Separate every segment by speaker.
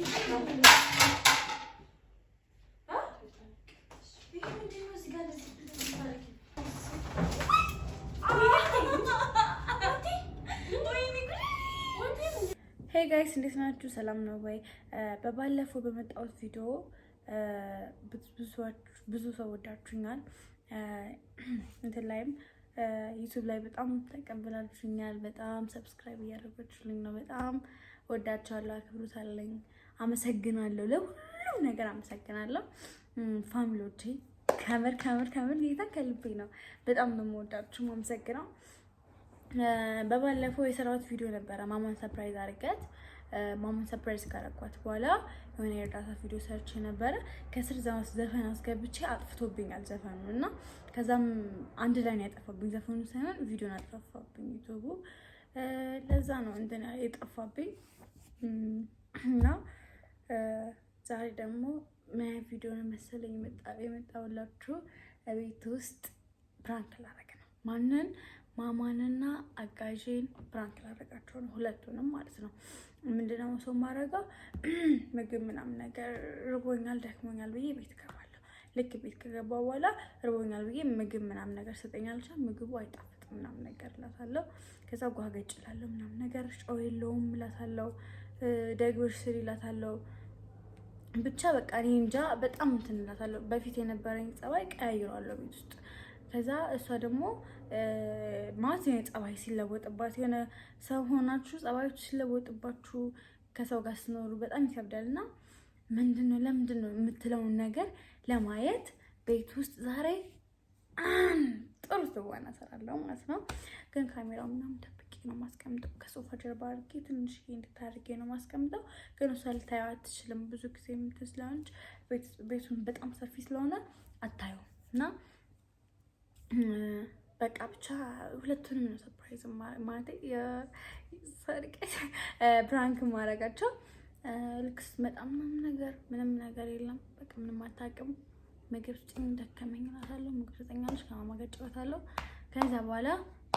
Speaker 1: ሄይ ጋይስ እንዴት ናችሁ? ሰላም ነው ወይ? በባለፈው በመጣሁት ቪዲዮ ብዙ ሰው ወዳችሁኛል። እንትን ላይም ዩቱብ ላይ በጣም ተቀብላችሁኛል። በጣም ሰብስክራይብ እያደረጋችሁልኝ ነው። በጣም ወዳችኋለሁ። አክብሮት አመሰግናለሁ፣ ለሁሉም ነገር አመሰግናለሁ። ፋሚሎቼ ከምር ከምር ከምር ጌታ ከልቤ ነው። በጣም ነው የምወዳችሁ ማመሰግነው። በባለፈው የሰራሁት ቪዲዮ ነበረ ማማን ሰፕራይዝ አድርገት ማማን ሰፕራይዝ ካረኳት በኋላ የሆነ የእርዳታ ቪዲዮ ሰርች ነበረ። ከስር ዘፈን አስገብቼ አጥፍቶብኛል ዘፈኑ እና ከዛም አንድ ላይ ነው ያጠፋብኝ ዘፈኑ ሳይሆን ቪዲዮን አጠፋብኝ ዩቱቡ። ለዛ ነው እንትን የጠፋብኝ እና ዛሬ ደግሞ ማያ ቪዲዮ ነው መሰለኝ የመጣሁላችሁ። ቤት ውስጥ ፕራንክ ላረግ ነው። ማንን? ማማንና አጋዥን ፕራንክ ላረጋቸው ነው፣ ሁለቱንም ማለት ነው። ምንድነው ሰው ማድረገው? ምግብ ምናምን ነገር ርቦኛል፣ ደክሞኛል ብዬ ቤት እገባለሁ። ልክ ቤት ከገባ በኋላ ርቦኛል ብዬ ምግብ ምናምን ነገር ስጠኛለች። ምግቡ አይጣፍጥም ምናምን ነገር እላታለሁ። ከዛ ጓገጭ እላለሁ ምናምን ነገር ጨው የለውም እላታለሁ። ደግበሽ ስሪ እላታለሁ ብቻ በቃ እኔ እንጃ በጣም እንትን እላታለሁ። በፊት የነበረኝ ጸባይ ቀያይሯለሁ ቤት ውስጥ። ከዛ እሷ ደግሞ ማለት የሆነ ጸባይ ሲለወጥባት የሆነ ሰው ሆናችሁ ጸባዮች ሲለወጥባችሁ ከሰው ጋር ስኖሩ በጣም ይከብዳል እና ምንድን ነው ለምንድን ነው የምትለውን ነገር ለማየት ቤት ውስጥ ዛሬ ጥሩ ትወና እሰራለሁ ማለት ነው። ግን ካሜራው ምናምን ነው ማስቀምጠው። ከሶፋ ጀርባ አድርጌ ትንሽ እንዴት አድርጌ ነው ማስቀምጠው። ግን እሷ ልታየው አትችልም። ብዙ ጊዜ የምትስ ላውንጅ ቤቱን በጣም ሰፊ ስለሆነ አታየው እና በቃ ብቻ ሁለቱንም ነው ሰርፕራይዝ ማለት ሰርቅ ብራንክ ማድረጋቸው። ልክ ስትመጣ ምንም ነገር ምንም ነገር የለም። በቃ ምንም አታውቅም። ምግብ ስጭኝ ደከመኝ እላታለሁ። ምግብ ስጠኛለች። ከማማ ጋር ጨዋታለሁ። ከዛ በኋላ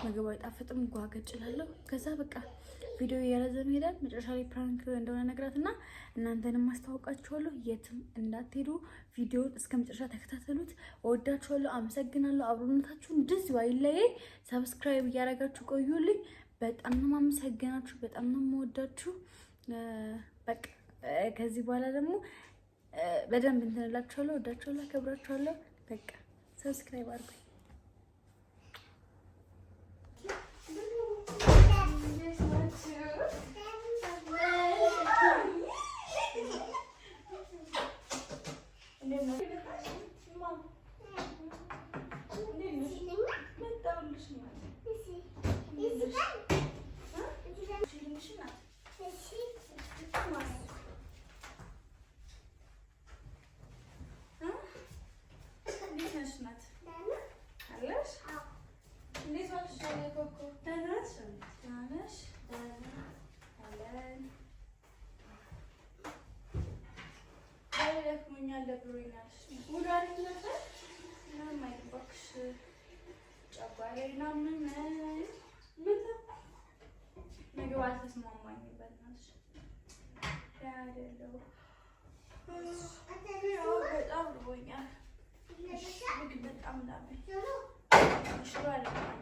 Speaker 1: ምግብ አይጣፍጥም ጓገጭ እላለሁ። ከዛ በቃ ቪዲዮ እየረዘመ ሄዳል። መጨረሻ ላይ ፕራንክ እንደሆነ ነግራት እና እናንተንም ማስታወቃችኋለሁ። የትም እንዳትሄዱ ቪዲዮ እስከ መጨረሻ ተከታተሉት። እወዳችኋለሁ። አመሰግናለሁ። አብሮነታችሁ እንደዚሁ አይለየ። ሰብስክራይብ እያደረጋችሁ ቆዩልኝ። በጣም ነው ማመሰግናችሁ። በጣም ነው የምወዳችሁ። በቃ ከዚህ በኋላ ደግሞ በደንብ እንትንላችኋለሁ። እወዳችኋለሁ። አከብራችኋለሁ። በቃ ሰብስክራይብ አድርጉኝ። Evet. እንዴት ነሽ እናት? አለሽ? እንዴት ዋልሽ ኮኮ? Brunel'le Brunel. Brunel'le Brunel'in bakışı. ጨጓራዬና ምን ምን ነገሩ አልተስማማኝ በናትሽ ያደለው በጣም ርቦኛል። ምግብ በጣም ላመኝ ሽሮ አለማኝ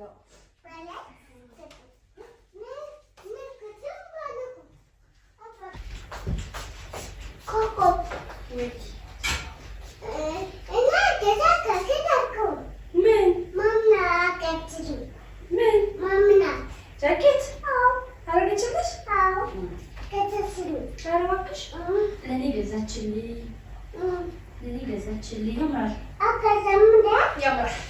Speaker 1: Böyle.
Speaker 2: Böyle. Koko. Evet.
Speaker 1: Jacket. Her geçirmiş?
Speaker 2: Ha. Getirsin.
Speaker 1: Her bakış. Nene güzel çilli. Nene güzel çilli. Yamar.
Speaker 2: Akazamı da.
Speaker 1: Yamar.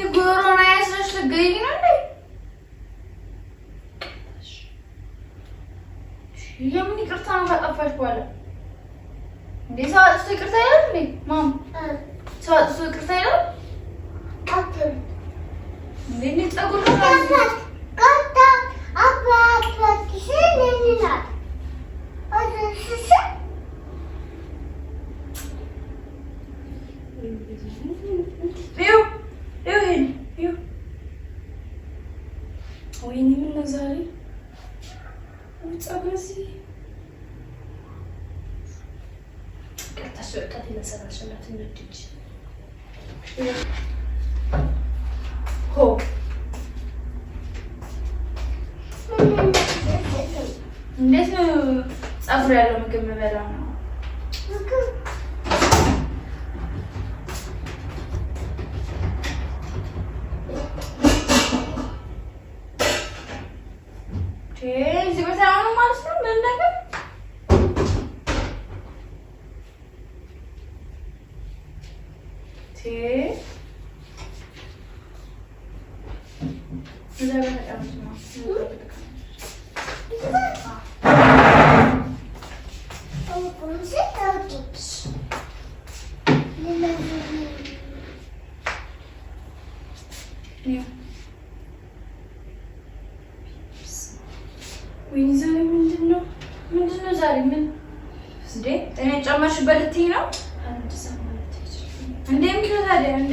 Speaker 1: የጎሮና ያስረሽ ልገኝ ነው እንዴ? የምን ይቅርታ ነው ካጠፋሽ በኋላ እንዴ? ሰው አጥፍቶ ይቅርታ ይላል እንዴ? ማም ሰው አጥፍቶ ይቅርታ ይላል እንዴ? እንዴ ጸጉር ነው አሸናፊነቶች ሆ እንዴት ነው ጸጉር ያለው ምግብ ነው ዛሬ ምን እንዴ? እኔ ጨመርሽበት ልትይ ነው እንዴ? ምን ታዲያ እንዴ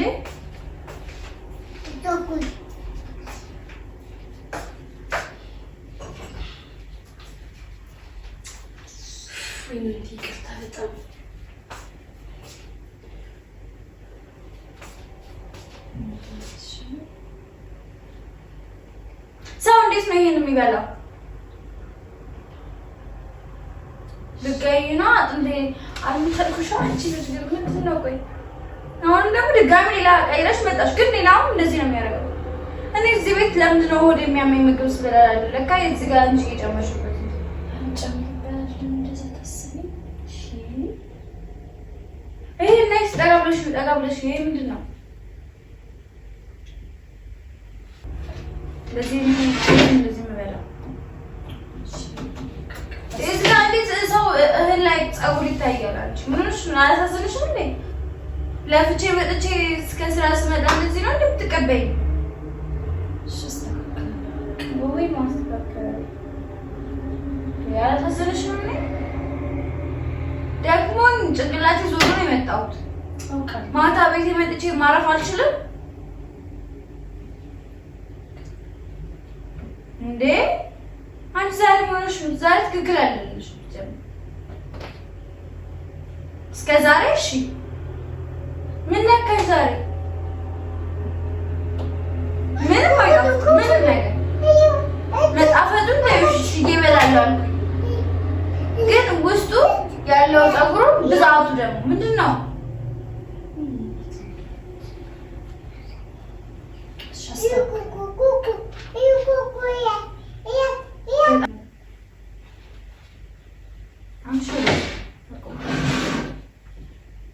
Speaker 1: ድጋሚ ሌላ ቀይረሽ መጣሽ። ግን ሌላውም እንደዚህ ነው የሚያደርገው። እኔ እዚህ ቤት ለምንድነው ነው ሆድ የሚያመኝ ምግብ ስበላ? ለካ የዚህ ጋር እንጂ እየጨመርሽበት ይሄ ናይስ ጠጋ ብለሽ ጠጋ ብለሽ ይሄ ምንድን ነው? እዚህ ሰው እህል ላይ ፀጉር ይታያል? አንቺ ምን እንዴ? ለፍቼ መጥቼ እስከ ስራ ስመጣ እንደዚህ ነው እንደምትቀበይኝ? ያላሳዘነሽ ነው። ደግሞ ነው የመጣሁት። ማታ ቤት መጥቼ ማረፍ አልችልም እንዴ? አንድ ዛሬ ሆነሽ ዛሬ ትክክል እስከ ዛሬ እሺ ግን ውስጡ ያለው ፀጉሩ ብዛቱ ደግሞ ምንድን ነው? Thank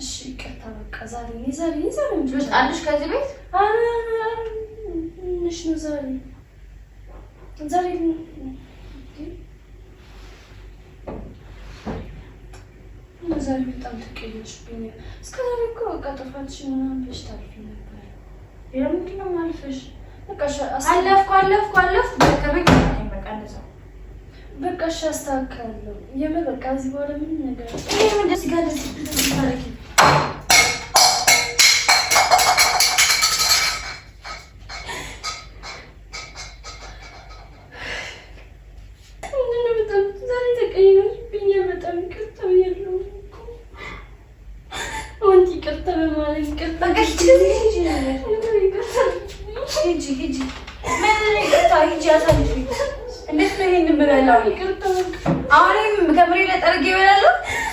Speaker 1: እሺ ይቅርታ፣ በቃ ዛሬ ዛሬ ዛሬ ትወጣለሽ ከዚህ ቤት? ትንሽ ነው ዛሬ ዛሬ ዛሬ በጣም ተቀየችብኛል። እስከ ዛሬ እኮ በቃ ጥፋትሽን ምናምን ብለሽ ታልፊ ነበር። ሌላ ነው ማልፈሽ? በቃ አለፍኩ አለፍኩ አለፍኩ በቀበኝ በቃ እንደዛ በቃ እሺ፣ አስተካክላለሁ። የምር በቃ እዚህ በኋላ ምንም ነገር ይሄ ምንድን ስጋ ደስ ታረጊ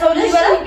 Speaker 1: 走了。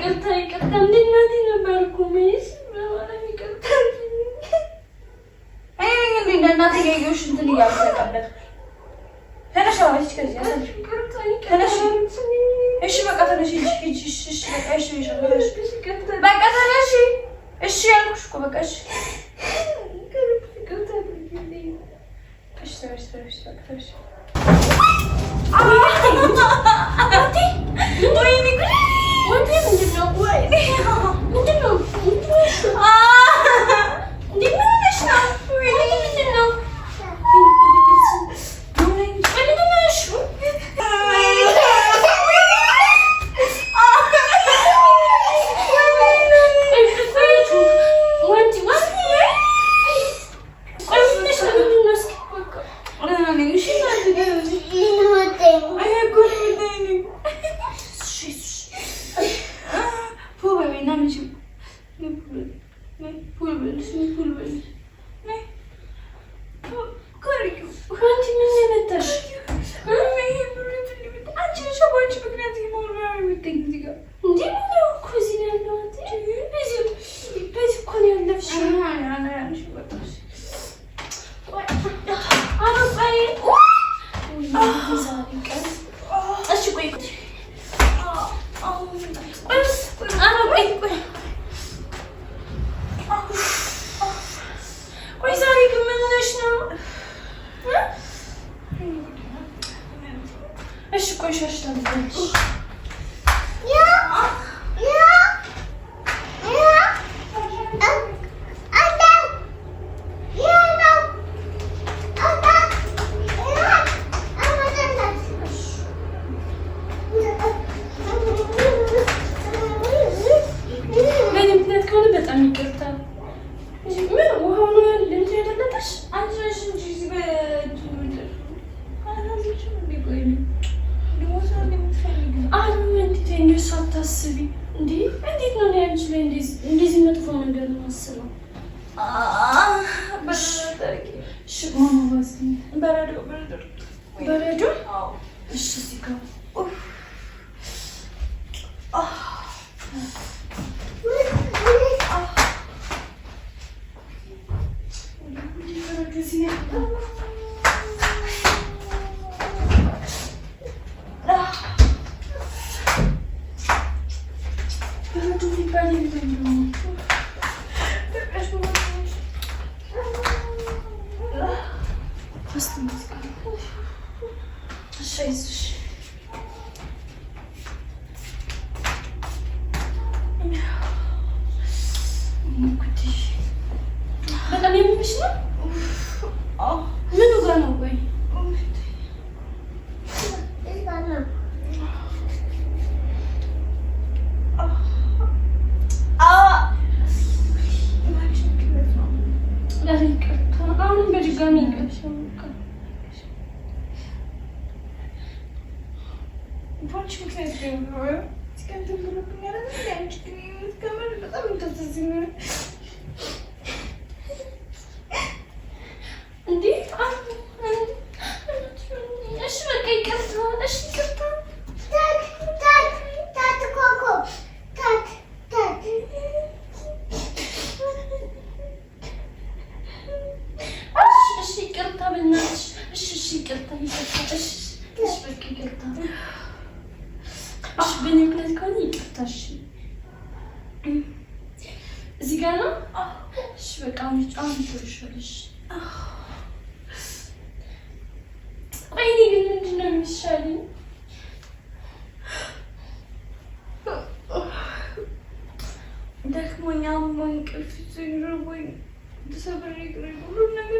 Speaker 1: kadar kötü sinek. በእኔ ምክንያት ከሆነ ይቅርታ። እዚህ ጋር ነው። እሺ በቃ ቆይ ግን ምንድን ነው የሚሻለኝ? ደክሞኝ አሞኝ እንቅልፍ ይዞኝ ሁሉም ነገር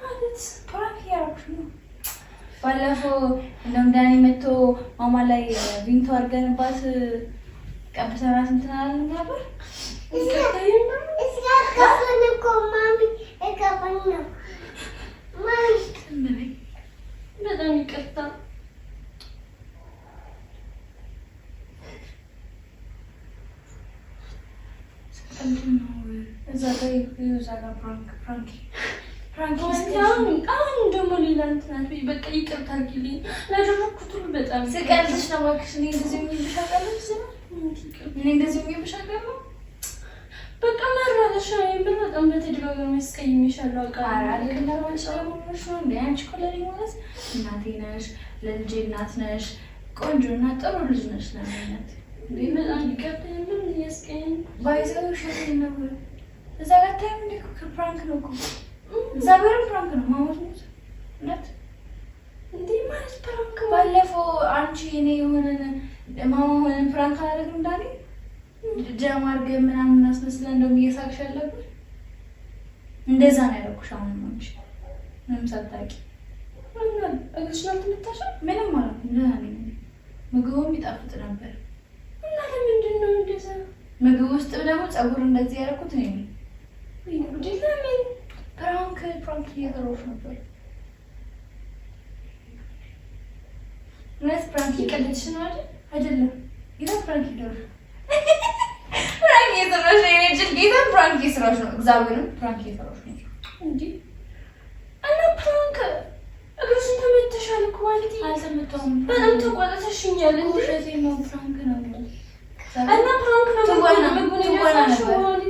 Speaker 1: ማለት ፕራንክ እያደረኩሽ ነው። ባለፈው እንደውም ዳኒ መጥቶ ማማ ላይ ቪንቶ አድርገንባት ቀብተናት እንትን አላለም ነበር? በጣም ይቅርታ። እዛ ጋር እዛ ጋር ፕራንክ ፕራንክ አሁን ደግሞ ሌላ እንትናት በቃ ይቅርታ አድርጊልኝ ላደረኩት ሁሉ በጣም ስቀልሽ ነው እባክሽ። እኔ እንደዚህ የሚልሽ እኔ እንደዚህ የሚልሽ አውቃለሁ። በቃ መረበሻ የምር በጣም በተደጋጋሚ አስቀይሜሻለሁ። አንቺ እኮ ለእኔ ማለት እናቴ ነሽ፣ ለልጄ እናት ነሽ፣ ቆንጆ እና ጥሩ ልጅ ነሽ። በጣም ይከብዳል። ምን ያስቀኝ ባይዘው ሸ ነበር እዛ ጋር ታይም እንደ ፕራንክ ነው እኮ ፕራንክ ነው ማሞት ነው እውነት ማለት ፕራንክ ባለፈው አንቺ እኔ የሆነን ማማሆንን ፕራንክ አላደረግም እንዳኔ ምናምን እናስመስለን እንደውም እየሳቅሽ እንደዛ ነው ያደረኩሽ አሁን ነው ምንም ሳታውቂ እግርሽ ነው ምንም ማለት ነው ምግቡም ይጣፍጥ ነበር እና ለምንድን ነው እንደዛ ምግብ ውስጥ ደግሞ ፀጉር እንደዚህ ያደረኩት ነው ለምን ፕራንክ ፕራንክ እየዘሮች ነበር? እውነት ፕራንክ እየቀለድሽ ነው አይደል? አይደለም ጌታ ፕራንክ እየዘሮች ፕራንክ እየዘሮች ነው የነጅል ጌታ ፕራንክ እየሰራች ነው። እግዚአብሔርም ፕራንክ እየሰራች ነው እንጂ እና ፕራንክ እግርሽን ተመተሻል። ኳሊቲ አልተመታሁም። በጣም ተቆጥተሽኛል። ውሸቴን ነው ፕራንክ ነው እና ፕራንክ ነው ትዋና ትዋና ነበር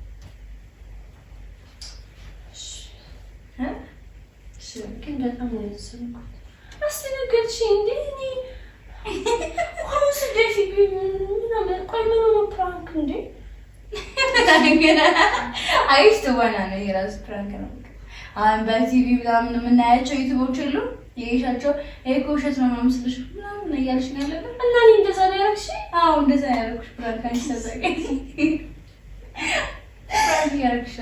Speaker 1: ግን በጣም ነው የተሰብኩት። አስነገርሽኝ እንዴ! እኔ አሁን ስደት ቆይ ምን ሆኖ ፕራንክ እንዴ? አይሽ ትወና ነው የራሱ ፕራንክ ነው። አሁን በቲቪ ምናምን የምናያቸው ዩቱቦች የሉ የሻቸው ይሄ ነው ማምስልሽ ምናምን እያልሽ ነው ያለብን እና እኔ እንደዛ ነው ያልኩሽ። አዎ እንደዛ ያልኩሽ ፕራንክ አይሰጠቅ ፕራንክ ያልኩሽ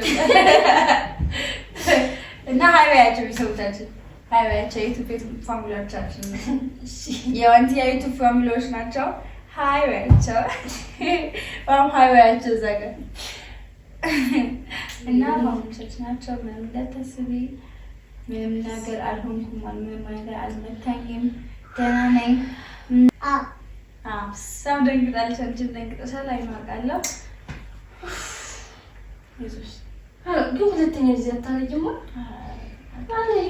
Speaker 1: እና ሀይባያቸው ቤተሰቦቻችን ሀይባያቸው የዩቱብ ፋሚሊዎቻችን የዋንቲያ ዩቱብ ፋሚሊዎች ናቸው። ሀይባያቸው ወይም ሀይባያቸው እዛ ጋር እና ፋሚሊዎች ናቸው። ምንም እንዳታስቢ፣ ምንም ነገር አልሆንኩም፣ ምንም ነገር አልመታኝም፣ ደህና ነኝ። ሳም ደንግጣለች፣ አንቺም ደንግጠሻል። አይማርቃለሁ ግን ሁለተኛ ጊዜ አታረጊማ። ትወናውን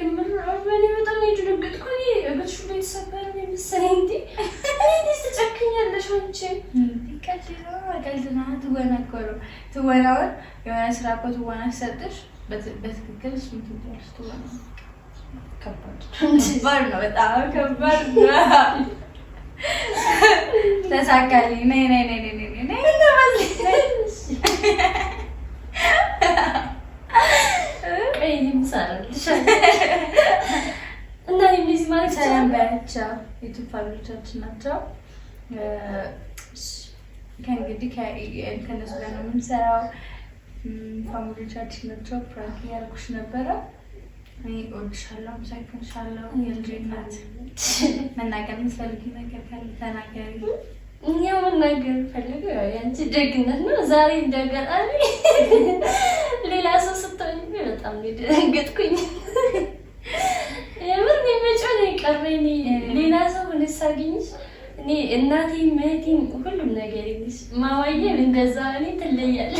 Speaker 1: የሆነ ስራ እኮ ትወና ሲሰጥሽ በትክክል እሱን ትወናለሽ። ከባድ ነው፣ በጣም ከባድ ነው። ተሳካልኝ። ነይ ነይ ነይ ነይ ነይ እና የሚዝ ማለት ሰላም ባያቸው ዩቱብ ፋሚሊዎቻችን ናቸው። ከእንግዲህ ከእነሱ ጋር ነው የምንሰራው። ፋሚሊዎቻችን ናቸው። ፕራንክ እያልኩሽ ነበረ። እወድሻለሁ፣ ሳይኮንሻለሁ። የልጅ ናት። መናገር የምትፈልጊው ነገር ተናገሪ። እኛ መናገር ፈልገው ያንቺ ደግነት ነው። ዛሬ ሌላ ሰው ስትሆኝ በጣም ደነገጥኩኝ። የምር ነው የቀረኝ። ሌላ ሰው ሳገኝሽ እኔ እናቴ፣ እህቴ፣ ሁሉም ነገር ማዋየን እንደዛ እኔ ትለያለሽ